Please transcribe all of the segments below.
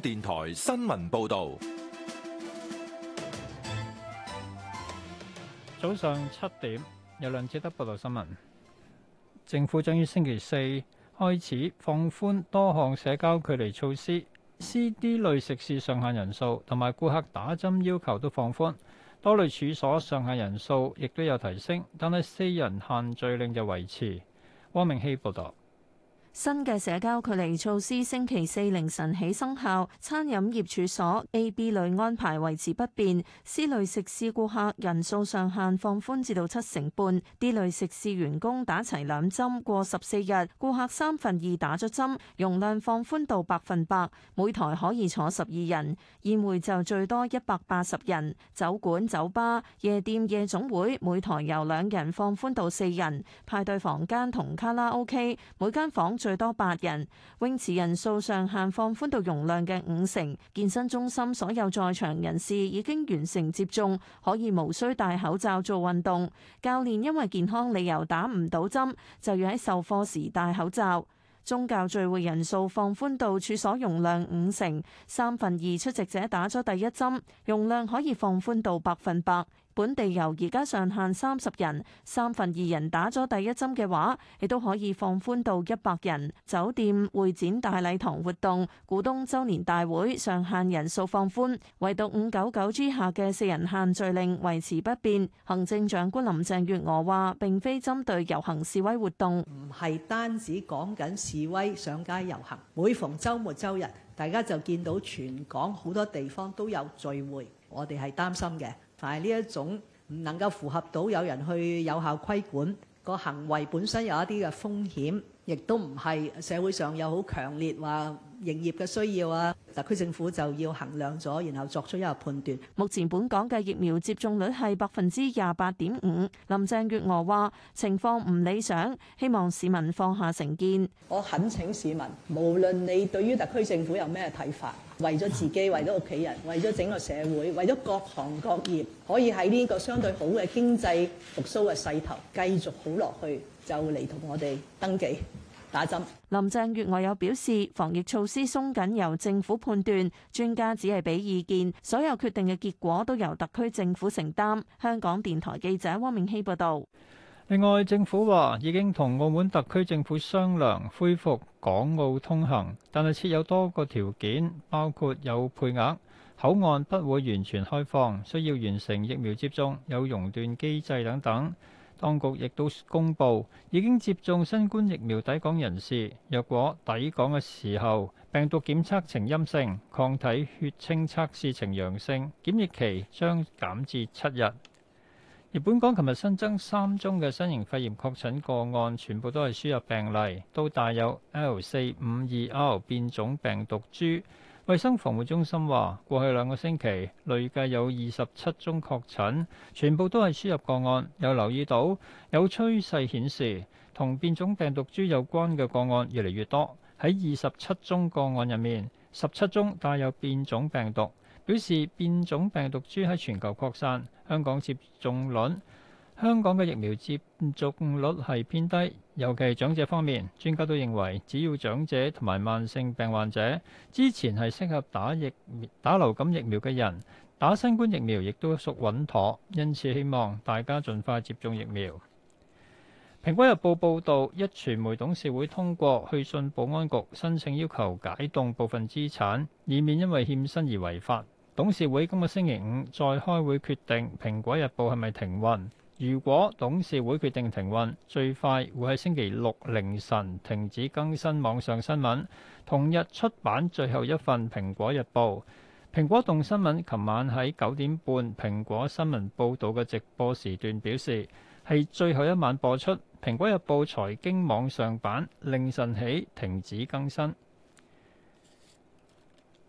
電台新聞報道，早上七點，由梁志德報道新聞。政府將於星期四開始放寬多項社交距離措施，C D 類食肆上限人數同埋顧客打針要求都放寬，多類處所上限人數亦都有提升，但係四人限聚令就維持。汪明希報道。新嘅社交距離措施星期四凌晨起生效，餐飲業處所 A、B 類安排維持不變，C 類食肆顧客人數上限放寬至到七成半，D 類食肆員工打齊兩針過十四日，顧客三分二打咗針，容量放寬到百分百，每台可以坐十二人，宴會就最多一百八十人。酒館、酒吧、夜店、夜總會每台由兩人放寬到四人，派對房間同卡拉 OK 每間房。最多八人，泳池人數上限放寬到容量嘅五成。健身中心所有在場人士已經完成接種，可以無需戴口罩做運動。教練因為健康理由打唔到針，就要喺授課時戴口罩。宗教聚會人數放寬到處所容量五成，三分二出席者打咗第一針，容量可以放寬到百分百。本地遊而家上限三十人，三分二人打咗第一針嘅話，亦都可以放寬到一百人。酒店、會展、大禮堂活動、股東周年大會上限人數放寬，唯獨五九九之下嘅四人限聚令維持不變。行政長官林鄭月娥話並非針對遊行示威活動，唔係單止講緊示威上街遊行。每逢周末周日，大家就見到全港好多地方都有聚會，我哋係擔心嘅。但係呢一種唔能夠符合到有人去有效規管，個行為本身有一啲嘅風險。亦都唔係社會上有好強烈話營業嘅需要啊，特區政府就要衡量咗，然後作出一個判斷。目前本港嘅疫苗接種率係百分之廿八點五，林鄭月娥話情況唔理想，希望市民放下成見。我懇請市民，無論你對於特區政府有咩睇法，為咗自己，為咗屋企人，為咗整個社會，為咗各行各業，可以喺呢個相對好嘅經濟復甦嘅勢頭繼續好落去，就嚟同我哋登記。林鄭月娥有表示，防疫措施鬆緊由政府判斷，專家只係俾意見，所有決定嘅結果都由特區政府承擔。香港電台記者汪明希報導。另外，政府話已經同澳門特區政府商量恢復港澳通行，但係設有多個條件，包括有配額、口岸不會完全開放、需要完成疫苗接種、有熔斷機制等等。當局亦都公布，已經接種新冠疫苗抵港人士，若果抵港嘅時候，病毒檢測呈陰性，抗體血清測試呈陽性，檢疫期將減至七日。而本港琴日新增三宗嘅新型肺炎確診個案，全部都係輸入病例，都帶有 L 四五二 R 變種病毒株。衛生防護中心話：過去兩個星期累計有二十七宗確診，全部都係輸入個案。有留意到有趨勢顯示，同變種病毒株有關嘅個案越嚟越多。喺二十七宗個案入面，十七宗帶有變種病毒，表示變種病毒株喺全球擴散。香港接種率。香港嘅疫苗接種率係偏低，尤其係長者方面，專家都認為，只要長者同埋慢性病患者之前係適合打疫打流感疫苗嘅人，打新冠疫苗亦都屬穩妥。因此，希望大家盡快接種疫苗。《蘋果日報》報導，一傳媒董事會通過去信保安局，申請要求解凍部分資產，以免因為欠薪而違法。董事會今個星期五再開會決定，《蘋果日報》係咪停運。如果董事會決定停運，最快會喺星期六凌晨停止更新網上新聞，同日出版最後一份《蘋果日報》。蘋果動新聞琴晚喺九點半蘋果新聞報導嘅直播時段表示，係最後一晚播出，《蘋果日報》財經網上版，凌晨起停止更新。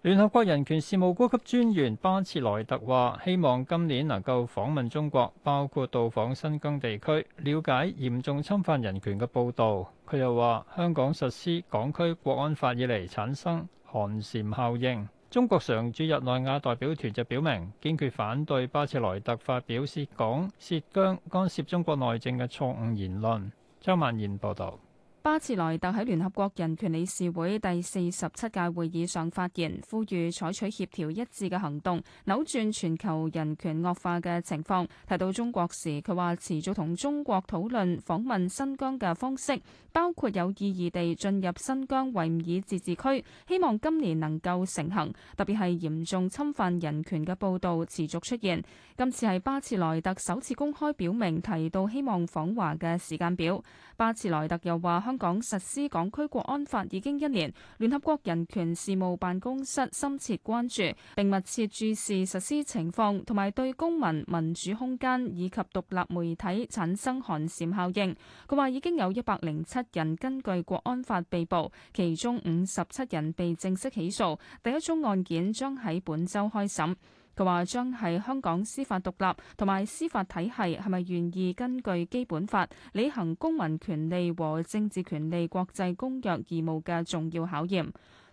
聯合國人權事務高級專員巴切萊特話：希望今年能夠訪問中國，包括到訪新疆地區，了解嚴重侵犯人權嘅報導。佢又話：香港實施港區國安法以嚟產生寒蟬效應。中國常駐日內瓦代表團就表明堅決反對巴切萊特發表涉港涉疆干涉中國內政嘅錯誤言論。張曼燕報導。巴茨萊特喺聯合國人權理事會第四十七屆會議上發言，呼籲採取協調一致嘅行動，扭轉全球人權惡化嘅情況。提到中國時，佢話持續同中國討論訪問新疆嘅方式，包括有意義地進入新疆維吾爾自治區，希望今年能夠成行。特別係嚴重侵犯人權嘅報道持續出現，今次係巴茨萊特首次公開表明提到希望訪華嘅時間表。巴茨萊特又話。香港實施港區國安法已經一年，聯合國人權事務辦公室深切關注，並密切注視實施情況，同埋對公民民主空間以及獨立媒體產生寒蟬效應。佢話已經有一百零七人根據國安法被捕，其中五十七人被正式起訴，第一宗案件將喺本周開審。佢話：將係香港司法獨立，同埋司法體系係咪願意根據基本法履行公民權利和政治權利國際公約義務嘅重要考驗。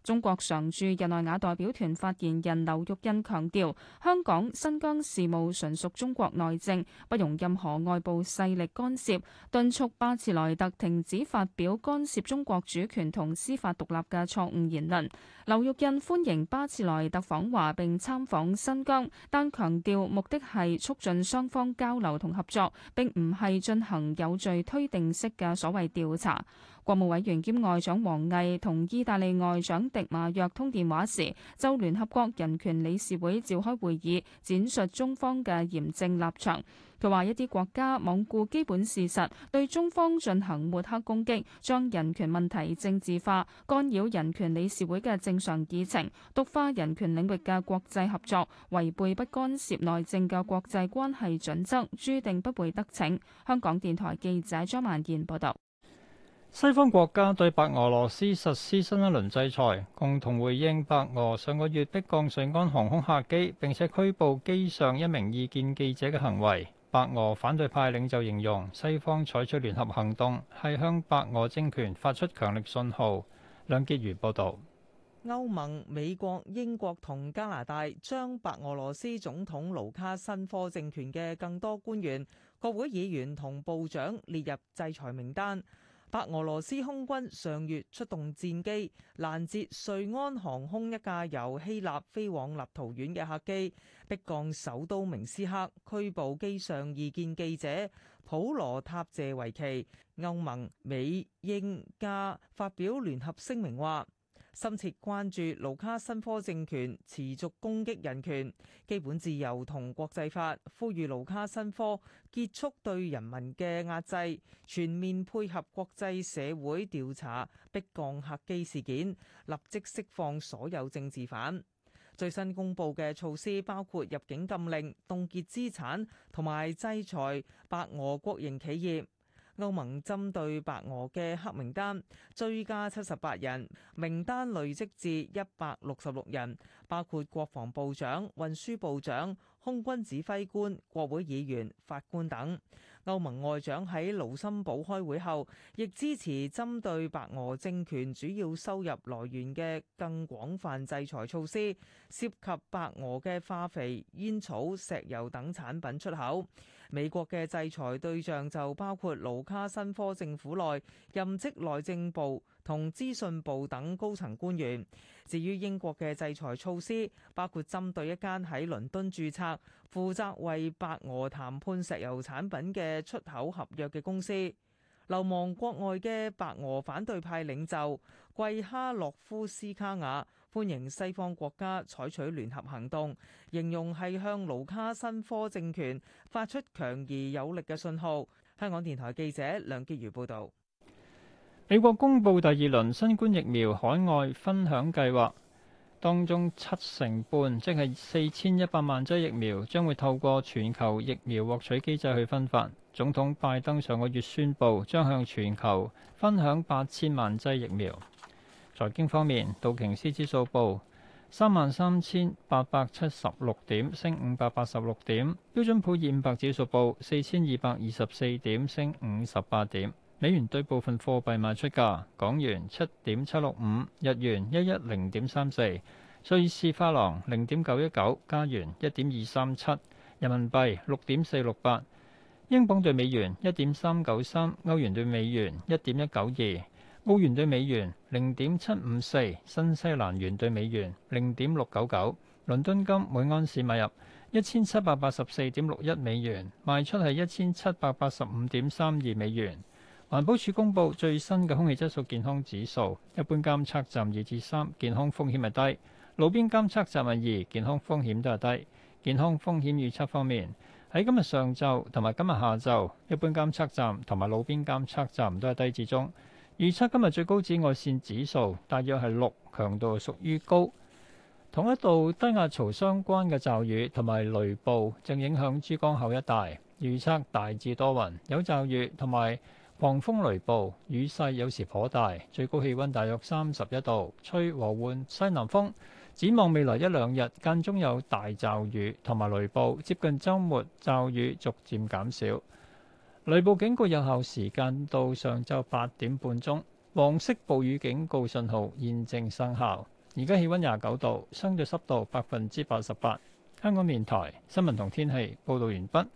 中國常駐日內瓦代表團發言人劉玉印強調，香港、新疆事務純屬中國內政，不容任何外部勢力干涉。敦促巴茨萊特停止發表干涉中國主權同司法獨立嘅錯誤言論。劉玉印歡迎巴茨萊特訪華並參訪新疆，但強調目的係促進雙方交流同合作，並唔係進行有罪推定式嘅所謂調查。國務委員兼外長王毅同意大利外長迪馬約通電話時，就聯合國人權理事會召開會議，展述中方嘅嚴正立場。佢話：一啲國家罔顧基本事實，對中方進行抹黑攻擊，將人權問題政治化，干擾人權理事會嘅正常議程，毒化人權領域嘅國際合作，違背不干涉內政嘅國際關係準則，註定不會得逞。香港電台記者張曼燕報道。西方國家對白俄羅斯實施新一輪制裁，共同回應白俄上個月逼降瑞安航空客機並且拘捕機上一名異見記者嘅行為。白俄反對派領袖形容西方採取聯合行動係向白俄政權發出強力信號。梁杰如報導，歐盟、美國、英國同加拿大將白俄羅斯總統盧卡申科政權嘅更多官員、國會議員同部長列入制裁名單。白俄羅斯空軍上月出動戰機攔截瑞安航空一架由希臘飛往立陶宛嘅客機，逼降首都明斯克，拘捕機上異見記者普羅塔謝維奇。歐盟、美、英、加發表聯合聲明話。深切關注盧卡申科政權持續攻擊人權、基本自由同國際法，呼籲盧卡申科結束對人民嘅壓制，全面配合國際社會調查逼降客機事件，立即釋放所有政治犯。最新公布嘅措施包括入境禁令、凍結資產同埋制裁白俄國營企業。歐盟針對白俄嘅黑名單追加七十八人，名單累積至一百六十六人，包括國防部長、運輸部長、空軍指揮官、國會議員、法官等。歐盟外長喺盧森堡開會後，亦支持針對白俄政權主要收入來源嘅更廣泛制裁措施，涉及白俄嘅化肥、煙草、石油等產品出口。美國嘅制裁對象就包括盧卡申科政府內任職內政部同資訊部等高層官員。至於英國嘅制裁措施，包括針對一間喺倫敦註冊、負責為白俄談判石油產品嘅出口合約嘅公司，流亡國外嘅白俄反對派領袖季哈洛夫斯卡婭。歡迎西方國家採取聯合行動，形容係向盧卡申科政權發出強而有力嘅信號。香港電台記者梁潔如報導。美國公布第二輪新冠疫苗海外分享計劃，當中七成半，即係四千一百萬劑疫苗，將會透過全球疫苗獲取機制去分發。總統拜登上個月宣布，將向全球分享八千萬劑疫苗。財經方面，道瓊斯指數報三萬三千八百七十六點，升五百八十六點；標準普爾五百指數報四千二百二十四點，升五十八點。美元對部分貨幣賣出價：港元七點七六五，日元一一零點三四，瑞士法郎零點九一九，加元一點二三七，人民幣六點四六八，英鎊對美元一點三九三，歐元對美元一點一九二。歐元對美元零點七五四，新西蘭元對美元零點六九九，倫敦金每盎司買入一千七百八十四點六一美元，賣出係一千七百八十五點三二美元。環保署公布最新嘅空氣質素健康指數，一般監測站二至三，健康風險係低；路邊監測站二，健康風險都係低。健康風險預測方面，喺今日上晝同埋今日下晝一般監測站同埋路邊監測站都係低至中。預測今日最高紫外線指數大約係六，強度屬於高。同一度低壓槽相關嘅驟雨同埋雷暴正影響珠江口一帶，預測大致多雲，有驟雨同埋狂風雷暴，雨勢有時頗大，最高氣温大約三十一度，吹和緩西南風。展望未來一兩日間中有大驟雨同埋雷暴，接近週末驟雨逐漸減少。雷暴警告有效時間到上晝八點半鐘，黃色暴雨警告信號現正生效。而家氣温廿九度，相對濕度百分之八十八。香港電台新聞同天氣報道完畢。